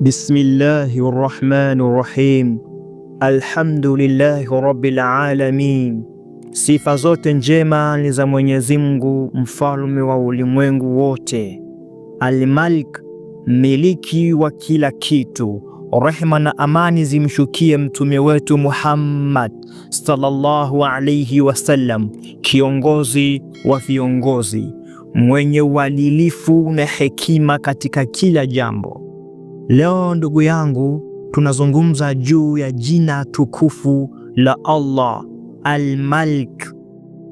Bismillahi rahmani rahim alhamdulillahi rabbil alamin. Sifa zote njema ni za Mwenyezi Mungu, mfalme wa ulimwengu wote, Almalik, mmiliki wa kila kitu. Rehma na amani zimshukie mtume wetu Muhammad sallallahu alayhi wasallam, kiongozi wa viongozi, mwenye uadilifu na hekima katika kila jambo Leo ndugu yangu, tunazungumza juu ya jina tukufu la Allah Al-Malik,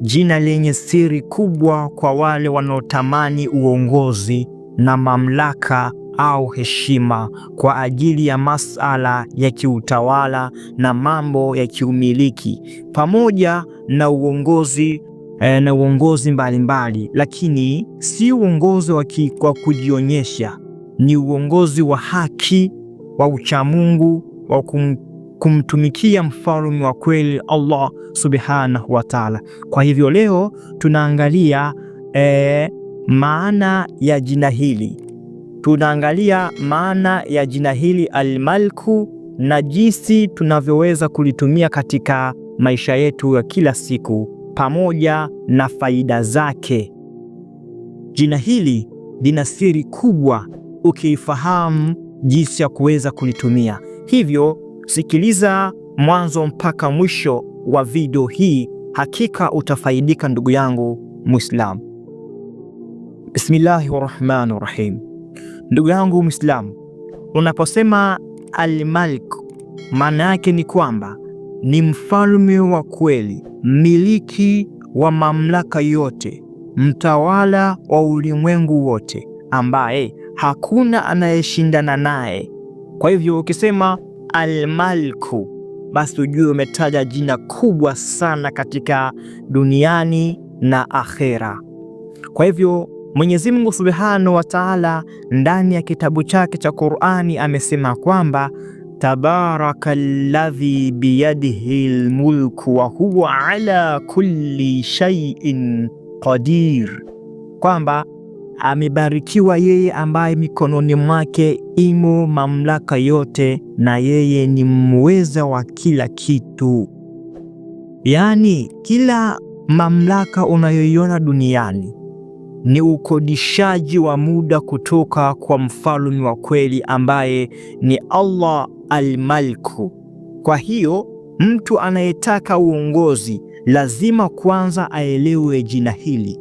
jina lenye siri kubwa kwa wale wanaotamani uongozi na mamlaka au heshima kwa ajili ya masala ya kiutawala na mambo ya kiumiliki pamoja na uongozi eh, na uongozi mbalimbali mbali, lakini si uongozi wa kujionyesha ni uongozi wa haki wa uchamungu wa kum, kumtumikia mfalme wa kweli Allah subhanahu wa taala. Kwa hivyo leo tunaangalia e, maana ya jina hili tunaangalia maana ya jina hili almalku na jinsi tunavyoweza kulitumia katika maisha yetu ya kila siku pamoja na faida zake. Jina hili lina siri kubwa ukiifahamu jinsi ya kuweza kulitumia. Hivyo sikiliza mwanzo mpaka mwisho wa video hii, hakika utafaidika ndugu yangu Muislamu. Bismillahi rahmani rahim. Ndugu yangu Muislamu, unaposema Almalik maana yake ni kwamba ni mfalme wa kweli, mmiliki wa mamlaka yote, mtawala wa ulimwengu wote, ambaye hakuna anayeshindana naye. Kwa hivyo ukisema almalku, basi ujue umetaja jina kubwa sana katika duniani na akhera. Kwa hivyo Mwenyezi Mungu Subhanahu wa Ta'ala ndani ya kitabu chake cha Qur'ani amesema kwamba tabarakalladhi biyadihi almulku wa huwa ala kulli shay'in qadir, kwamba Amebarikiwa yeye ambaye mikononi mwake imo mamlaka yote, na yeye ni mweza wa kila kitu. Yaani, kila mamlaka unayoiona duniani ni ukodishaji wa muda kutoka kwa mfalme wa kweli ambaye ni Allah al Kwa hiyo mtu anayetaka uongozi lazima kwanza aelewe jina hili.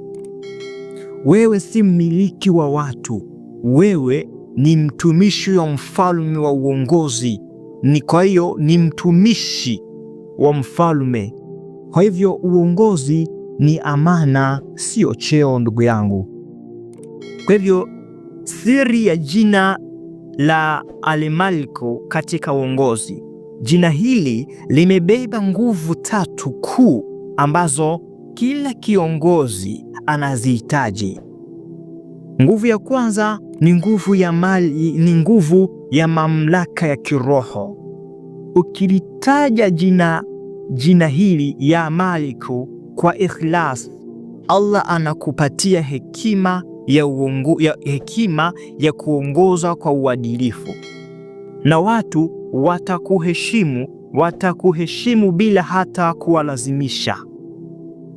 Wewe si mmiliki wa watu, wewe ni mtumishi wa mfalme wa uongozi, ni kwa hiyo ni mtumishi wa mfalme. Kwa hivyo uongozi ni amana, sio cheo, ndugu yangu. Kwa hivyo siri ya jina la Alemalko katika uongozi, jina hili limebeba nguvu tatu kuu ambazo kila kiongozi anazihitaji. Nguvu ya kwanza ni nguvu ya mali, ni nguvu ya mamlaka ya kiroho. Ukilitaja jina jina hili ya Maliku kwa ikhlas, Allah anakupatia hekima ya, uongo, ya hekima ya kuongoza kwa uadilifu na watu watakuheshimu, watakuheshimu bila hata kuwalazimisha.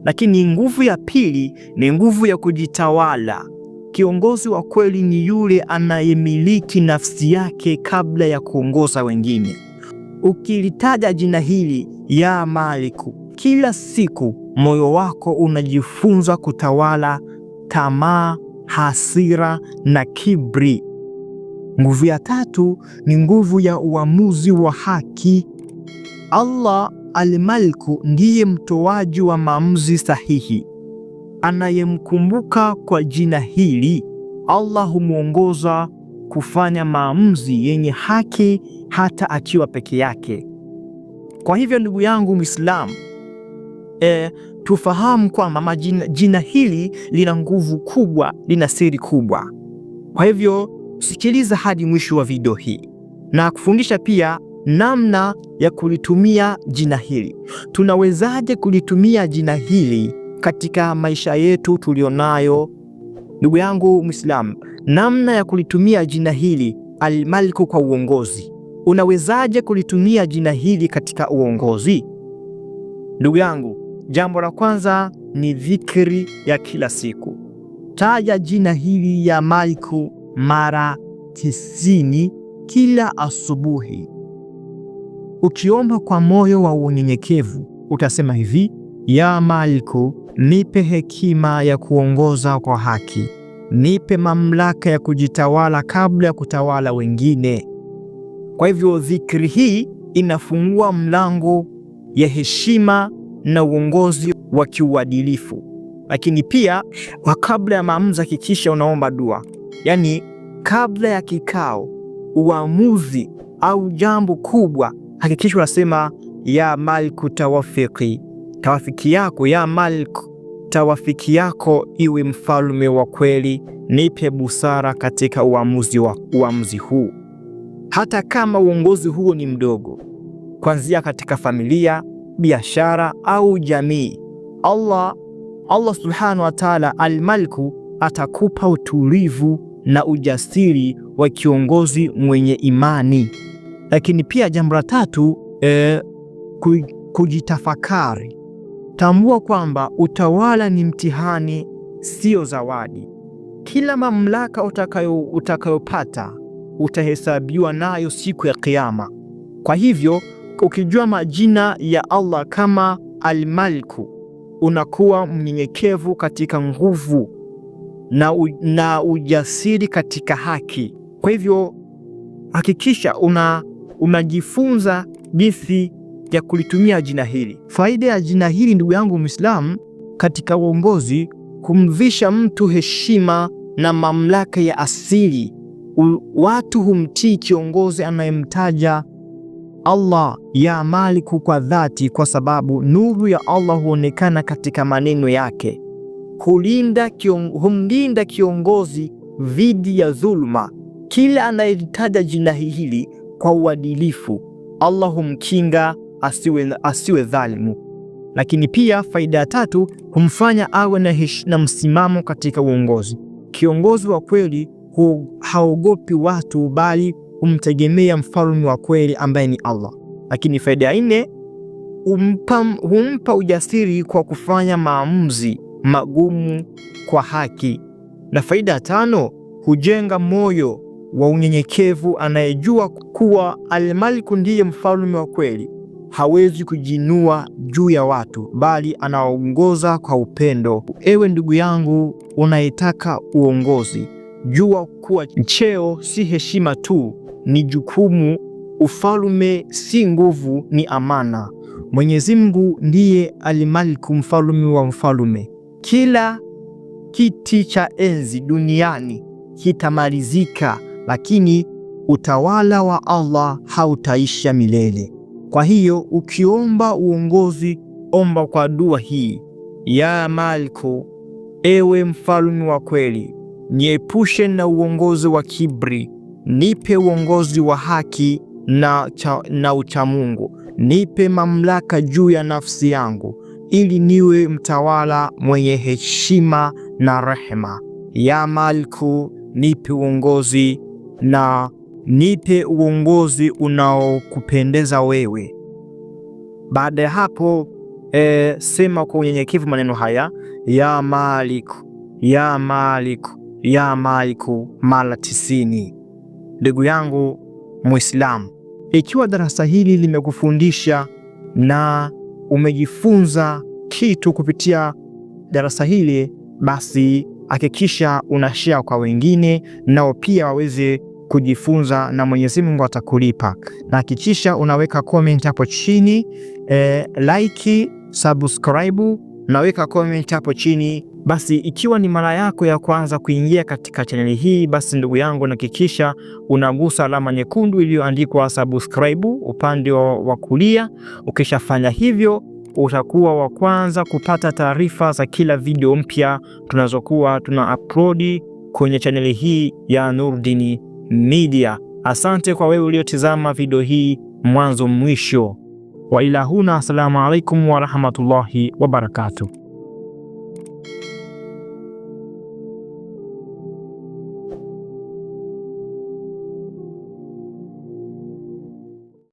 Lakini nguvu ya pili ni nguvu ya kujitawala. Kiongozi wa kweli ni yule anayemiliki nafsi yake kabla ya kuongoza wengine. Ukilitaja jina hili ya Maliku kila siku, moyo wako unajifunza kutawala tamaa, hasira na kibri Nguvu ya tatu ni nguvu ya uamuzi wa haki. Allah Almaliku ndiye mtoaji wa maamuzi sahihi. Anayemkumbuka kwa jina hili, Allah humwongoza kufanya maamuzi yenye haki hata akiwa peke yake. Kwa hivyo ndugu yangu mwislamu e, tufahamu kwamba jina hili lina nguvu kubwa, lina siri kubwa. Kwa hivyo sikiliza hadi mwisho wa video hii na kufundisha pia namna ya kulitumia jina hili. Tunawezaje kulitumia jina hili katika maisha yetu tulionayo? Ndugu yangu mwislamu namna ya kulitumia jina hili almaliku kwa uongozi. Unawezaje kulitumia jina hili katika uongozi? Ndugu yangu, jambo la kwanza ni dhikri ya kila siku. Taja jina hili ya Maliku mara tisini kila asubuhi. Ukiomba kwa moyo wa unyenyekevu utasema hivi: ya Maliku, nipe hekima ya kuongoza kwa haki, nipe mamlaka ya kujitawala kabla ya kutawala wengine. Kwa hivyo dhikri hii inafungua mlango ya heshima na uongozi wa kiuadilifu. Lakini pia kabla ya maamuzi, hakikisha unaomba dua, yaani kabla ya kikao, uamuzi au jambo kubwa hakikisha unasema ya malku tawafiki, tawafiki yako, ya Malik tawafiki yako iwe mfalme wa kweli, nipe busara katika uamuzi wa uamuzi huu, hata kama uongozi huo ni mdogo, kuanzia katika familia, biashara au jamii. Allah, Allah subhanahu wa taala almalku atakupa utulivu na ujasiri wa kiongozi mwenye imani. Lakini pia jambo la tatu e, kujitafakari. Tambua kwamba utawala ni mtihani, sio zawadi. Kila mamlaka utakayo utakayopata utahesabiwa nayo siku ya Kiyama. Kwa hivyo ukijua majina ya Allah kama Almalku, unakuwa mnyenyekevu katika nguvu na, u, na ujasiri katika haki. Kwa hivyo hakikisha una unajifunza jinsi ya kulitumia jina hili. Faida ya jina hili, ndugu yangu Muislamu, katika uongozi, humvisha mtu heshima na mamlaka ya asili. Watu humtii kiongozi anayemtaja Allah ya Maliku kwa dhati, kwa sababu nuru ya Allah huonekana katika maneno yake. Kulinda kion, humlinda kiongozi dhidi ya dhuluma. Kila anayetaja jina hili kwa uadilifu. Allah humkinga asiwe, asiwe dhalimu. Lakini pia faida ya tatu, humfanya awe na, na msimamo katika uongozi. Kiongozi wa kweli haogopi watu, bali humtegemea mfalme wa kweli ambaye ni Allah. Lakini faida ya nne, humpa ujasiri kwa kufanya maamuzi magumu kwa haki. Na faida ya tano, hujenga moyo wa unyenyekevu anayejua kuwa Almaliku ndiye mfalme wa kweli, hawezi kujinua juu ya watu, bali anaongoza kwa upendo. Ewe ndugu yangu unayetaka uongozi, jua kuwa cheo si heshima tu, ni jukumu. Ufalme si nguvu, ni amana. Mwenyezi Mungu ndiye Almaliku, mfalme wa mfalme. Kila kiti cha enzi duniani kitamalizika, lakini utawala wa Allah hautaisha milele. Kwa hiyo ukiomba uongozi, omba kwa dua hii: ya Malko, ewe mfalme wa kweli, niepushe na uongozi wa kibri, nipe uongozi wa haki na, cha, na uchamungu, nipe mamlaka juu ya nafsi yangu, ili niwe mtawala mwenye heshima na rehema. Ya malku nipe uongozi na nipe uongozi unaokupendeza wewe. Baada ya hapo e, sema kwa unyenyekevu maneno haya ya Maliku, ya Maliku, ya Maliku mara tisini. Ndugu yangu Muislamu, ikiwa darasa hili limekufundisha na umejifunza kitu kupitia darasa hili, basi hakikisha una share kwa wengine nao pia waweze kujifunza na Mwenyezi Mungu atakulipa. Na hakikisha unaweka comment hapo chini e, like, subscribe, naweka comment hapo chini. Basi ikiwa ni mara yako ya kwanza kuingia katika chaneli hii, basi ndugu yangu, nahakikisha unagusa alama nyekundu iliyoandikwa subscribe upande wa kulia. Ukishafanya hivyo utakuwa wa kwanza kupata taarifa za kila video mpya tunazokuwa tuna upload kwenye chaneli hii ya Nurdin Media. Asante kwa wewe uliotizama video hii mwanzo mwisho. Wa ila huna, assalamu alaikum wa rahmatullahi wa barakatuh.